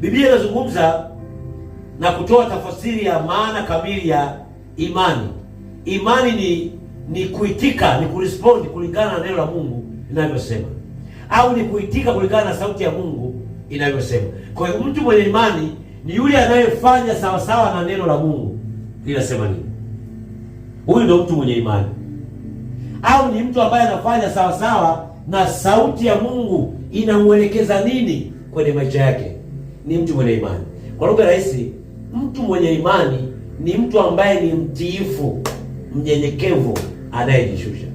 Biblia inazungumza na kutoa tafasiri ya maana kamili ya imani. Imani ni ni kuitika, ni kurespondi kulingana na neno la Mungu linavyosema, au ni kuitika kulingana na sauti ya Mungu inavyosema. Kwa hiyo mtu mwenye imani ni yule anayefanya sawasawa na neno la Mungu linasema nini. Huyu ndio mtu mwenye imani, au ni mtu ambaye anafanya sawasawa na sauti ya Mungu inamwelekeza nini kwenye maisha yake ni mtu mwenye imani. Kwa lugha rahisi, mtu mwenye imani ni mtu ambaye ni mtiifu, mnyenyekevu, anayejishusha.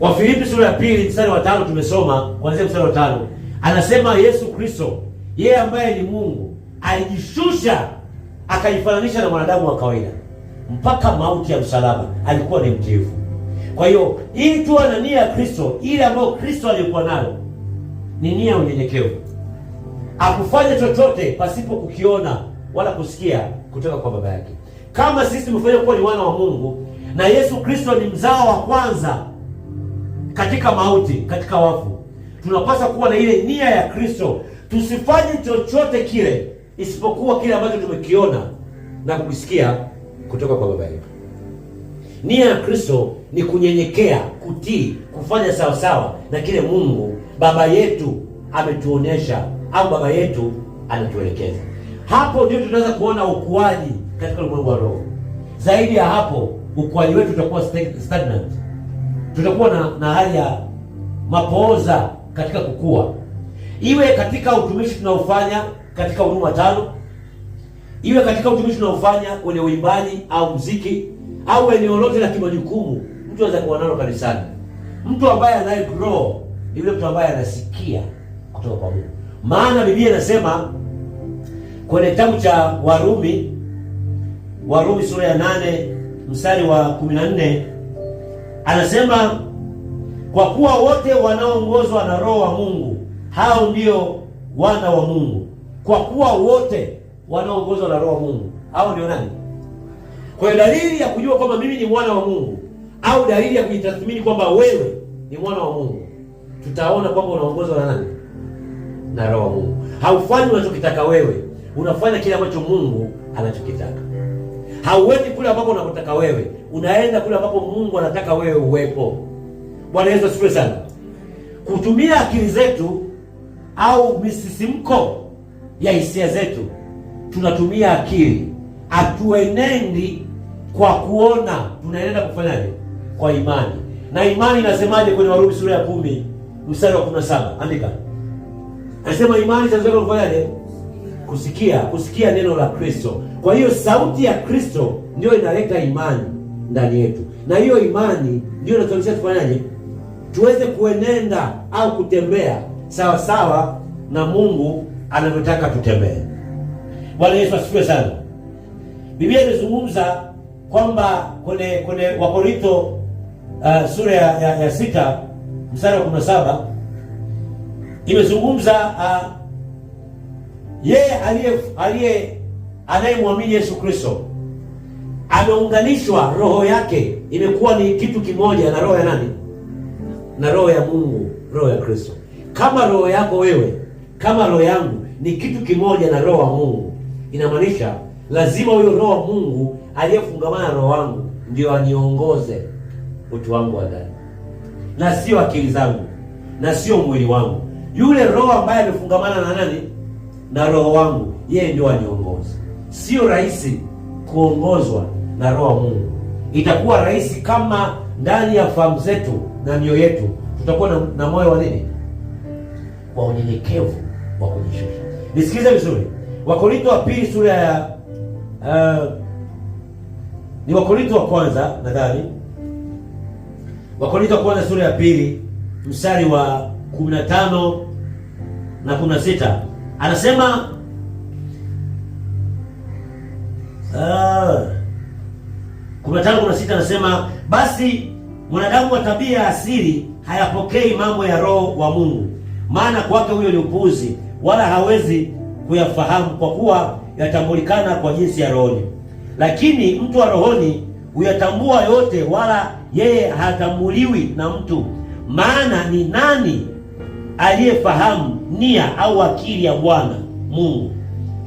Wafilipi sura ya pili mstari wa tano tumesoma kuanzia mstari wa tano anasema Yesu Kristo yeye ambaye ni Mungu alijishusha akajifananisha na mwanadamu wa kawaida mpaka mauti ya msalaba, alikuwa ni mtiifu. Kwa hiyo ili tuwe na nia ya Kristo, ile ambayo Kristo alikuwa nayo ni nia ya unyenyekevu akufanya chochote pasipo kukiona wala kusikia kutoka kwa baba yake. Kama sisi tumefanya kuwa ni wana wa Mungu na Yesu Kristo ni mzao wa kwanza katika mauti, katika wafu, tunapaswa kuwa na ile nia ya Kristo, tusifanye chochote kile isipokuwa kile ambacho tumekiona na kukisikia kutoka kwa baba yetu. Nia ya Kristo ni kunyenyekea, kutii, kufanya sawasawa na kile Mungu baba yetu ametuonyesha au baba yetu anatuelekeza. Hapo ndio tunaweza kuona ukuaji katika ulimwengu wa roho. Zaidi ya hapo, ukuaji wetu utakuwa stagnant, tutakuwa na, na hali ya mapooza katika kukua, iwe katika utumishi tunaofanya katika huduma tano, iwe katika utumishi tunaofanya kwenye uimbaji au mziki au eneo lote la kimajukumu mtu anaweza kuwa nalo kanisani, mtu ambaye anaye grow yule mtu ambaye anasikia kutoka kwa Mungu. Maana Biblia inasema kwenye kitabu cha Warumi, Warumi sura ya nane mstari wa 14 anasema, kwa kuwa wote wanaongozwa na Roho wa Mungu hao ndio wana wa Mungu. Kwa kuwa wote wanaongozwa na Roho wa Mungu hao ndio nani? Kwa hiyo dalili ya kujua kwamba mimi ni mwana wa Mungu au dalili ya kujitathmini kwamba wewe ni mwana wa Mungu, tutaona kwamba unaongozwa na nani? na Roho Mungu. Haufanyi unachokitaka wewe, unafanya kile ambacho Mungu anachokitaka. Hauendi kule ambapo unakotaka wewe, unaenda kule ambapo Mungu anataka wewe uwepo. Bwana Yesu asifiwe sana. Kutumia akili zetu au misisimko ya hisia zetu, tunatumia akili, hatuenendi kwa kuona, tunaenda kufanyaje? Kwa imani. Na imani inasemaje kwenye Warumi sura ya kumi mstari wa kumi na saba? Andika. Nasema imani chanzo chake kufanyaje? Kusikia, kusikia neno la Kristo. Kwa hiyo sauti ya Kristo ndio inaleta imani ndani yetu, na hiyo imani ndio inatuwezesha tufanyaje, tuweze kuenenda au kutembea sawa sawa na Mungu anavyotaka tutembee. Bwana Yesu asifiwe sana. Biblia imezungumza kwamba kwenye kwenye Wakorintho uh, sura ya, ya, ya sita mstari wa kumi na saba imezungumza uh, ah, yeye aliye aliye anayemwamini Yesu Kristo ameunganishwa, roho yake imekuwa ni kitu kimoja na roho ya nani? Na roho ya Mungu, roho ya Kristo. Kama roho yako wewe kama roho yangu ni kitu kimoja na roho wa Mungu, inamaanisha lazima huyo roho wa Mungu aliyefungamana na roho wangu ndio aniongoze utu wangu wa ndani, na sio akili zangu na sio mwili wangu. Yule roho ambaye amefungamana na nani? Na roho wangu, yeye ndio aniongoze. Sio rahisi kuongozwa na roho wa Mungu. Itakuwa rahisi kama ndani ya fahamu zetu na mioyo yetu tutakuwa na, na moyo wa nini? Wa unyenyekevu wa kujishusha. Nisikize vizuri, Wakorinto wa pili sura ya uh, ni wakorinto wa kwanza nadhani, Wakorinto wa kwanza sura ya pili mstari wa 15 na kumi na sita anasema kumi na ah. tano kumi na sita anasema basi mwanadamu wa tabia ya asili hayapokei mambo ya Roho wa Mungu, maana kwake huyo ni upuuzi, wala hawezi kuyafahamu kwa kuwa yatambulikana kwa jinsi ya rohoni. Lakini mtu wa rohoni huyatambua yote, wala yeye hatambuliwi na mtu. Maana ni nani aliyefahamu nia au akili ya Bwana Mungu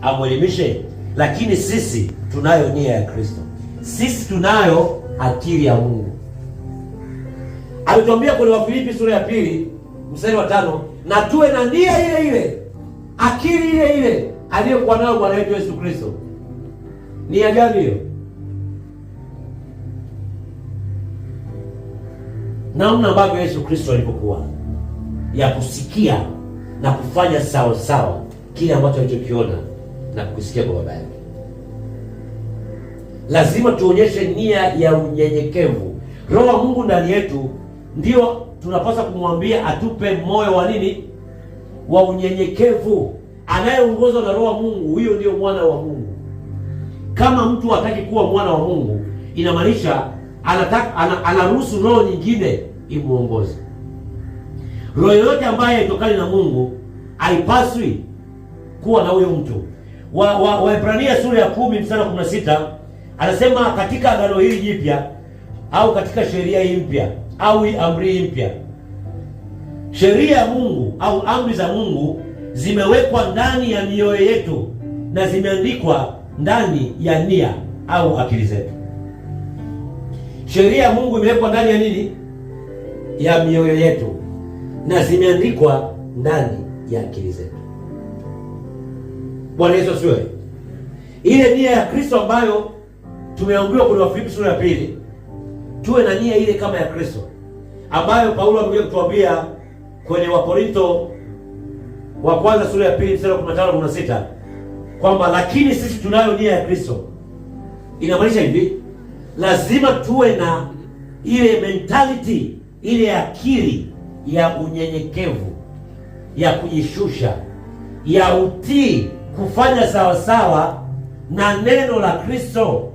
amwelimishe, lakini sisi tunayo nia ya Kristo, sisi tunayo akili ya Mungu. Alituambia kwenye Wafilipi sura ya pili mstari wa tano na tuwe na nia ile ile, akili ile ile aliyokuwa nayo Bwana wetu Yesu Kristo. Nia gani hiyo? Namna ambavyo Yesu Kristo alipokuwa ya kusikia na kufanya sawa sawa kile ambacho alichokiona na kusikia kwa baba yake. Lazima tuonyeshe nia ya unyenyekevu. Roho wa Mungu ndani yetu ndio tunapaswa kumwambia atupe moyo wa nini? Wa unyenyekevu. Anayeongozwa na Roho wa Mungu, huyo ndio mwana wa Mungu. Kama mtu hataki kuwa mwana wa Mungu, inamaanisha anataka anaruhusu roho nyingine imuongoze. Roho yoyote ambaye haitokani na Mungu haipaswi kuwa na huyo mtu. Waebrania wa, wa sura ya kumi mstari wa kumi na sita anasema katika agano hili jipya au katika sheria hii mpya au amri hii mpya, sheria ya Mungu au amri za Mungu zimewekwa ndani ya mioyo yetu na zimeandikwa ndani ya nia au akili zetu. Sheria ya Mungu imewekwa ndani ya nini? Ya mioyo yetu na zimeandikwa ndani ya akili zetu. Bwana Yesu asiwe. Ile nia ya Kristo ambayo tumeambiwa kwenye Wafilipi sura ya pili, tuwe na nia ile kama ya Kristo ambayo Paulo amekuja kutuambia kwenye Wakorinto wa kwanza sura ya pili mstari wa 15 na 16 kwamba lakini sisi tunayo nia ya Kristo. Inamaanisha hivi, lazima tuwe na ile mentality ile akili ya unyenyekevu, ya kujishusha, ya utii, kufanya sawasawa sawa na neno la Kristo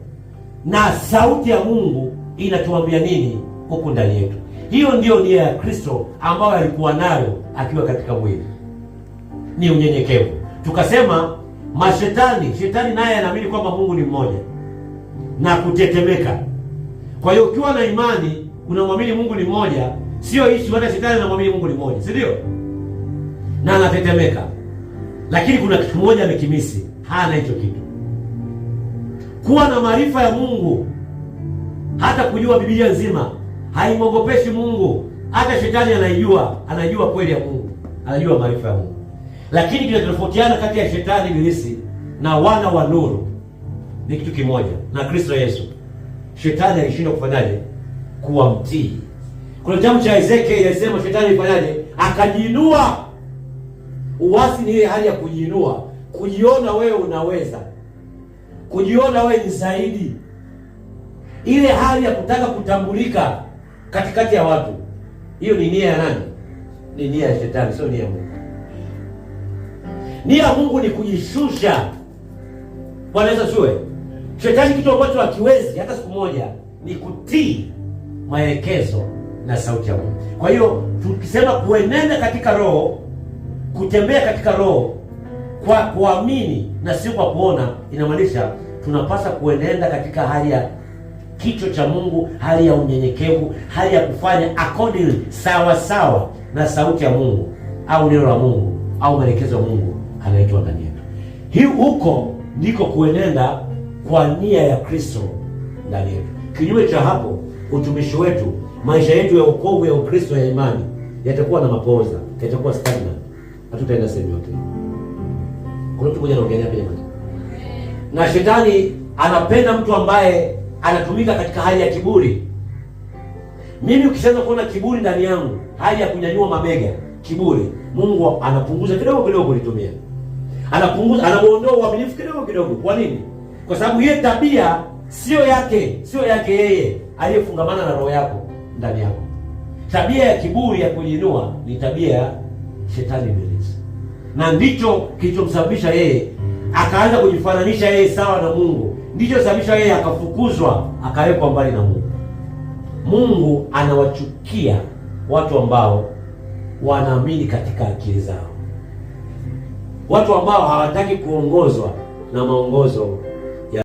na sauti ya Mungu inatuambia nini huku ndani yetu. Hiyo ndiyo nia ya Kristo ambayo alikuwa nayo akiwa katika mwili, ni unyenyekevu. Tukasema mashetani, shetani naye anaamini kwamba Mungu ni mmoja na kutetemeka. Kwa hiyo ukiwa na imani unamwamini Mungu ni mmoja Sio issue wana shetani na mwamini Mungu ni mmoja, si ndio? Na anatetemeka. Lakini kuna kitu kimoja amekimisi, hana hicho kitu. Kuwa na maarifa ya Mungu, hata kujua Biblia nzima haimwogopeshi Mungu. Hata shetani anaijua, anajua kweli ya Mungu, anajua maarifa ya Mungu. Lakini kinachotofautiana kati ya shetani ibilisi na wana wa nuru ni kitu kimoja, na Kristo Yesu. Shetani alishindwa kufanyaje? Kuwa mtii kuna jambo cha Ezekiel inasema shetani ifanyaje? Akajiinua. Uasi ni ile hali ya kujiinua, kujiona wewe unaweza, kujiona wewe ni zaidi, ile hali ya kutaka kutambulika katikati ya watu. Hiyo ni nia ya nani? Ni nia ya shetani, sio nia ya Mungu. Nia ya Mungu ni kujishusha. Bwana Yesu asiwe. Shetani kitu ambacho hakiwezi hata siku moja ni kutii maelekezo na sauti ya Mungu. Kwa hiyo tukisema kuenenda katika roho, kutembea katika roho kwa kuamini na sio kwa kuona, inamaanisha tunapasa kuenenda katika hali ya kicho cha Mungu, hali ya unyenyekevu, hali ya kufanya accordingly, sawa sawa na sauti ya Mungu au neno la Mungu au maelekezo ya Mungu anaitwa ndani yetu. Hii huko ndiko kuenenda kwa nia ya Kristo ndani yetu. Kinyume cha hapo, utumishi wetu maisha yetu ya wokovu ya Ukristo ya imani yatakuwa na mapoza, yatakuwa stagnant, hatutaenda sehemu yote. Kuna mtu mmoja anaongelea pia mmoja, na shetani anapenda mtu ambaye anatumika katika hali ya kiburi. Mimi ukishaanza kuona kiburi ndani yangu, hali ya kunyanyua mabega, kiburi, Mungu anapunguza kidogo kidogo kulitumia, anapunguza, anaondoa uaminifu kidogo kidogo. Kwa nini? Kwa sababu hiyo tabia sio yake, sio yake yeye aliyefungamana na roho yako ndani yako. Tabia ya kiburi ya kujiinua ni tabia ya shetani ibilisi, na ndicho kilichomsababisha yeye akaanza kujifananisha yeye sawa na Mungu, ndicho sababisha yeye akafukuzwa, akawekwa mbali na Mungu. Mungu anawachukia watu ambao wanaamini katika akili zao, watu ambao hawataki kuongozwa na maongozo